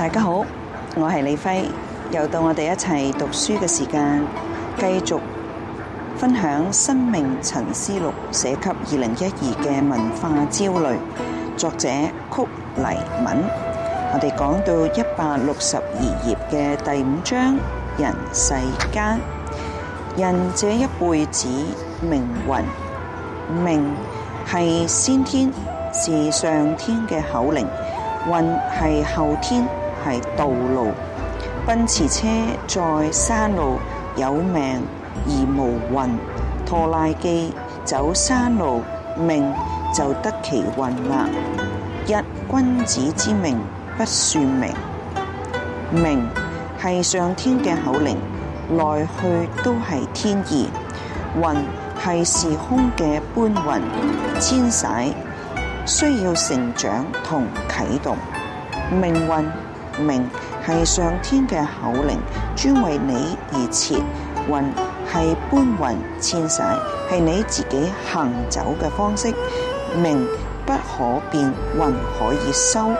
大家好，我係李輝，又到我哋一齊讀書嘅時間，繼續分享《生命沉思錄》寫給二零一二嘅文化焦慮，作者曲黎敏。我哋講到一百六十二頁嘅第五章《人世間》，人這一輩子，命運，命係先天，是上天嘅口令，運係後天。係道路，奔馳車在山路有命而無運，拖拉機走山路命就得其運啦。一君子之命不算命，命係上天嘅口令，來去都係天意。運係時空嘅搬運遷徙，需要成長同啟動命運。命係上天嘅口令，專為你而設；運係搬運遷徙，係你自己行走嘅方式。命不可變，運可以收。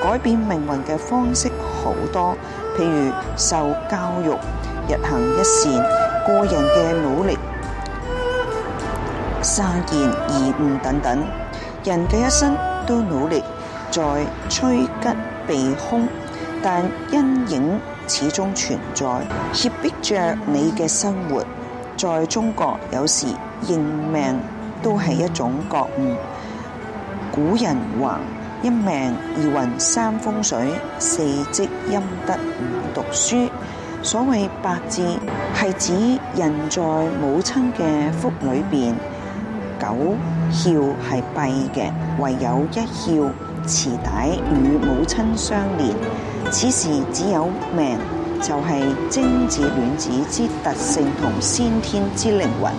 改變命運嘅方式好多，譬如受教育、日行一善、個人嘅努力、散言而悟等等。人嘅一生都努力，在趨吉避凶。但陰影始終存在，脅迫着你嘅生活。在中國，有時認命都係一種覺悟。古人話：一命二運三風水四積陰德五讀書。所謂八字係指人在母親嘅腹裏邊，九竅係閉嘅，唯有一竅臍帶與母親相連。此時只有命，就係精子卵子之特性同先天之靈魂。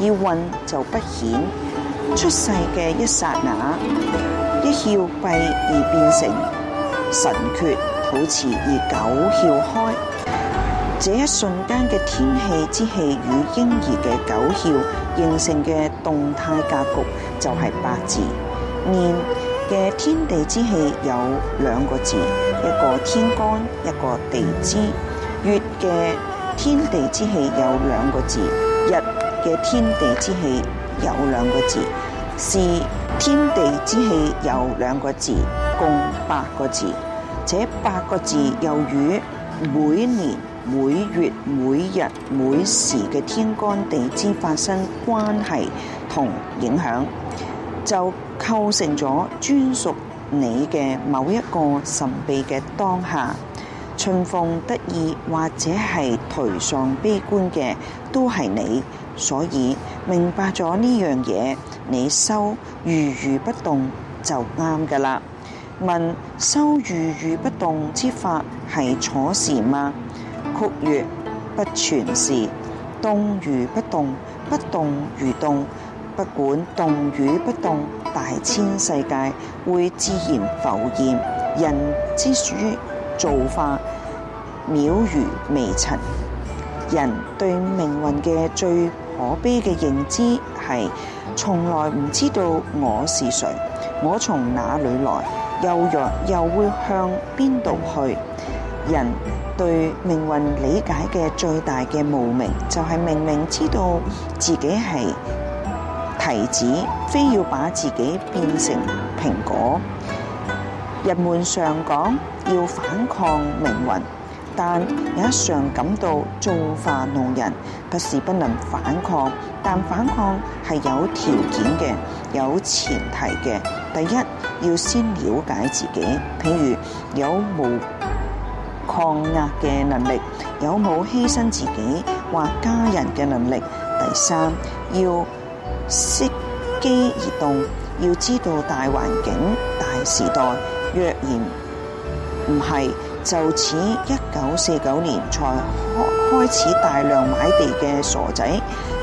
要運就不顯，出世嘅一刹那，一竅閉而變成神闕好似而九竅開。這一瞬間嘅天氣之氣與嬰兒嘅九竅形成嘅動態格局，就係八字。年。嘅天地之氣有兩個字，一個天干，一個地支。月嘅天地之氣有兩個字，日嘅天地之氣有兩個字，時天地之氣有兩個字，共八個字。這八個字又與每年、每月、每日、每時嘅天干地支發生關係同影響。就構成咗專屬你嘅某一個神秘嘅當下，春風得意或者係頹喪悲觀嘅都係你。所以明白咗呢樣嘢，你修如如不動就啱㗎喇。問修如如不動之法係坐時嗎？曲月不全時，動如不動，不動如動。不管動與不動，大千世界會自然浮現。人之屬於造化渺如微塵。人對命運嘅最可悲嘅認知係，從來唔知道我是誰，我從哪裡來，又弱又會向邊度去？人對命運理解嘅最大嘅無明就係、是、明明知道自己係。弟子非要把自己變成蘋果。人們常講要反抗命運，但也常感到造化弄人。不是不能反抗，但反抗係有條件嘅，有前提嘅。第一，要先了解自己，譬如有冇抗壓嘅能力，有冇犧牲自己或家人嘅能力。第三，要。識機而動，要知道大環境、大時代。若然唔係，就似一九四九年才開始大量買地嘅傻仔，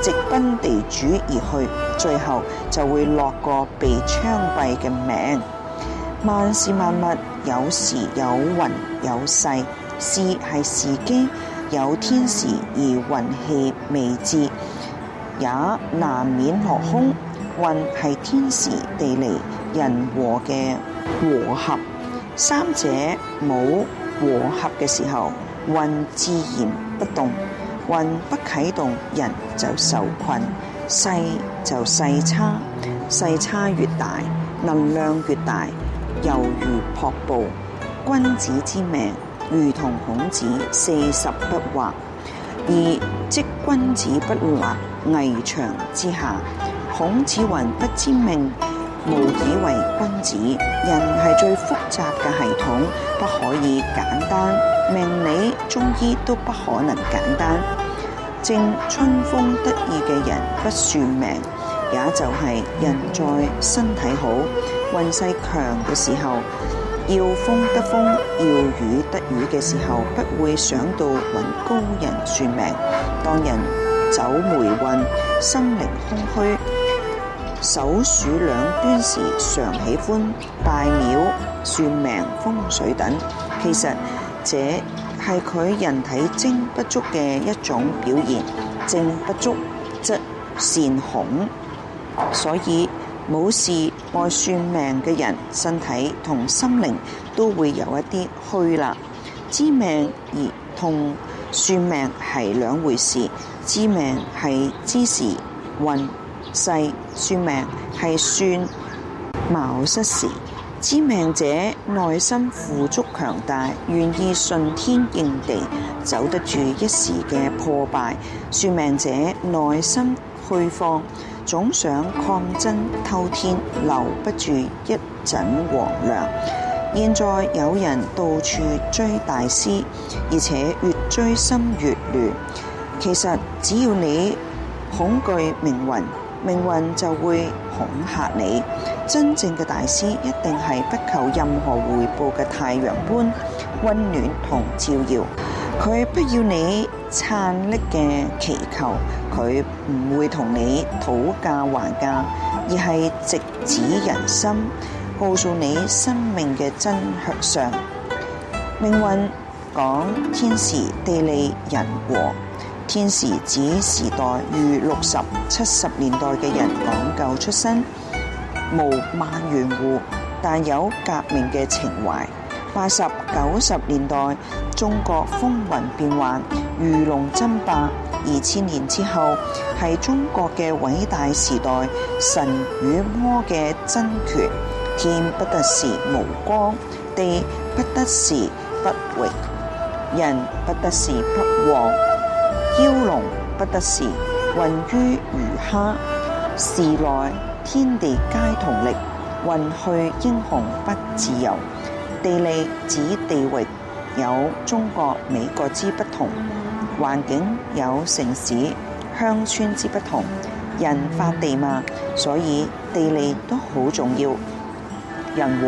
直奔地主而去，最後就會落個被槍斃嘅名。萬事萬物，有時有運有勢，事是係時機，有天時而運氣未至，也難免落空。運係天時地利人和嘅和合，三者冇和合嘅時候，運自然不動。運不啟動，人就受困，勢就勢差，勢差越大，能量越大，猶如瀑布。君子之命，如同孔子四十不惑。而即君子不立危牆之下，孔子云，不知命，無以為君子。人係最複雜嘅系統，不可以簡單。命理、中醫都不可能簡單。正春風得意嘅人不算命，也就係人在身體好、運勢強嘅時候。要風得風，要雨得雨嘅時候，不會想到揾高人算命。當人走霉運、心靈空虛、首鼠兩端時，常喜歡拜廟、算命、風水等。其實，這係佢人體精不足嘅一種表現。精不足則善恐，所以。冇事愛算命嘅人，身體同心靈都會有一啲虛啦。知命而同，算命係兩回事。知命係知時運勢，算命係算謀失時。知命者內心富足強大，願意順天應地，走得住一時嘅破敗。算命者內心虛放。總想抗爭偷天，留不住一枕黃粱。現在有人到處追大師，而且越追心越亂。其實只要你恐懼命運，命運就會恐嚇你。真正嘅大師一定係不求任何回報嘅太陽般溫暖同照耀。佢不要你燦力嘅祈求，佢唔會同你討價還價，而係直指人心，告訴你生命嘅真相。命運講天時地利人和，天時指時代，如六十七十年代嘅人講究出身，無萬元戶，但有革命嘅情懷。八十九十年代，中國風雲變幻，魚龍爭霸；二千年之後，係中國嘅偉大時代，神與魔嘅爭權，天不得時無光，地不得時不榮，人不得時不旺，妖龍不得時混於魚蝦。時來天地皆同力，運去英雄不自由。地利指地域有中國、美國之不同，環境有城市、鄉村之不同，人發地嘛，所以地利都好重要。人和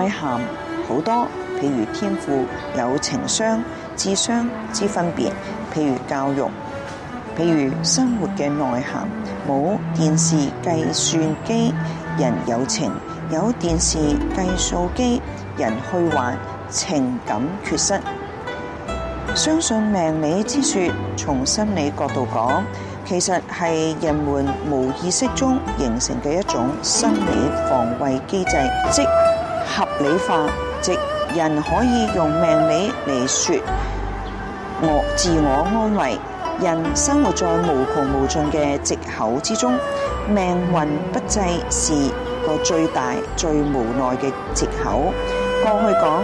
內涵好多，譬如天賦有情商、智商之分別，譬如教育，譬如生活嘅內涵。冇電視、計算機，人有情；有電視、計數機。人虛幻，情感缺失。相信命理之說，從心理角度講，其實係人們無意識中形成嘅一種心理防衛機制，即合理化，即人可以用命理嚟說我自我安慰。人生活在無窮無盡嘅借口之中，命運不濟是個最大最無奈嘅借口。過去講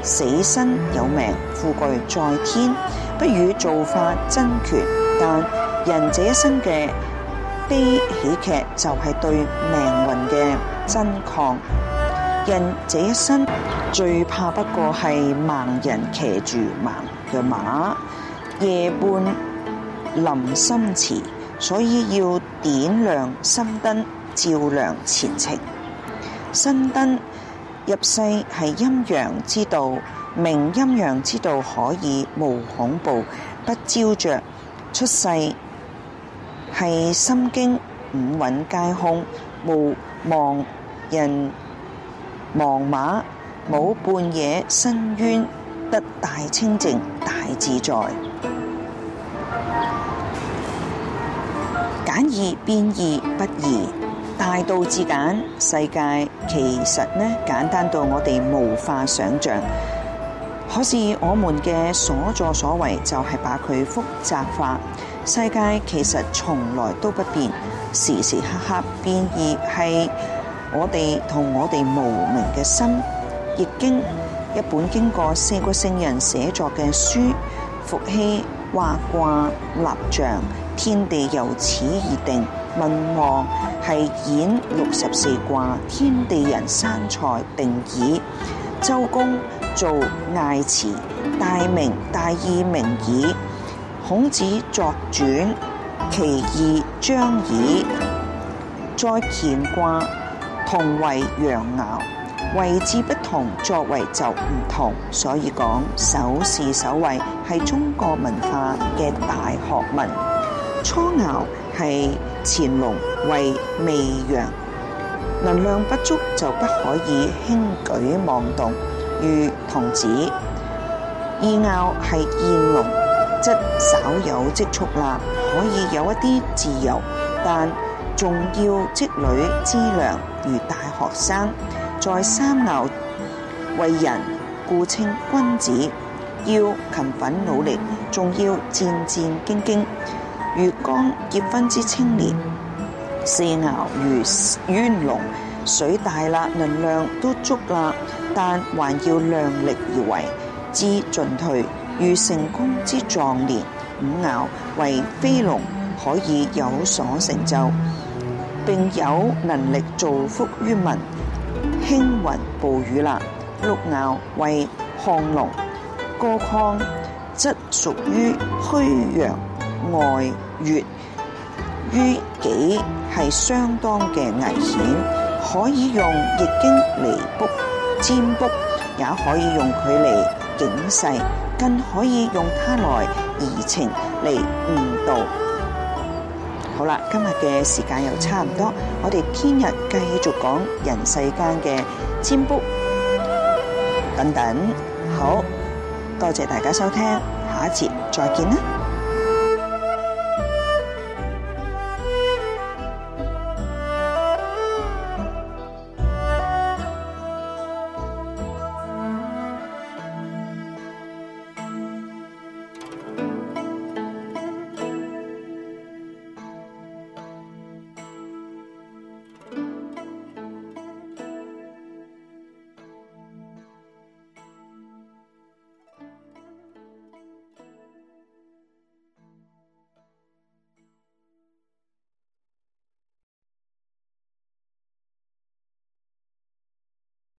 死生有命，富貴在天，不與造化爭權。但人這一生嘅悲喜劇就係對命運嘅真抗。人這一生最怕不過係盲人騎住盲嘅馬。夜半臨深池，所以要點亮心燈，照亮前程。心燈。入世係陰陽之道，明陰陽之道可以無恐怖、不焦灼。出世係心經五蘊皆空，無忘人忘馬，無半夜伸冤，得大清淨、大自在。簡易變易不易。大道至簡，世界其實呢簡單到我哋無法想象。可是我們嘅所作所為就係把佢複雜化。世界其實從來都不變，時時刻刻變異，係我哋同我哋無名嘅心。《易經》一本經過四個聖人寫作嘅書，伏羲畫卦立象。天地由此而定，文王係演六十四卦，天地人三才定矣。周公做《易辭》，大明大義明矣。孔子作傳，其義彰矣。再乾卦同為陽爻，位置不同，作為就唔同。所以講，首事首位係中國文化嘅大學問。初爻係潛龍為未陽，能量不足就不可以輕舉妄動，如童子；二爻係現龍，則稍有積蓄啦，可以有一啲自由，但仲要積累資糧，如大學生。在三爻為人，故稱君子，要勤奮努力，仲要戰戰兢兢。月光結婚之青年，四爻如淵龍，水大啦，能量都足啦，但還要量力而為，知進退。遇成功之壯年，五爻為飛龍，可以有所成就，並有能力造福於民。輕雲暴雨啦，六爻為亢龍，過亢則屬於虛陽。外月於己，係相當嘅危險，可以用易經嚟，卜占卜，也可以用佢嚟警示，更可以用它來移情嚟誤導。好啦，今日嘅時間又差唔多，我哋聽日繼續講人世間嘅占卜等等。好，多謝大家收聽，下一節再見啦！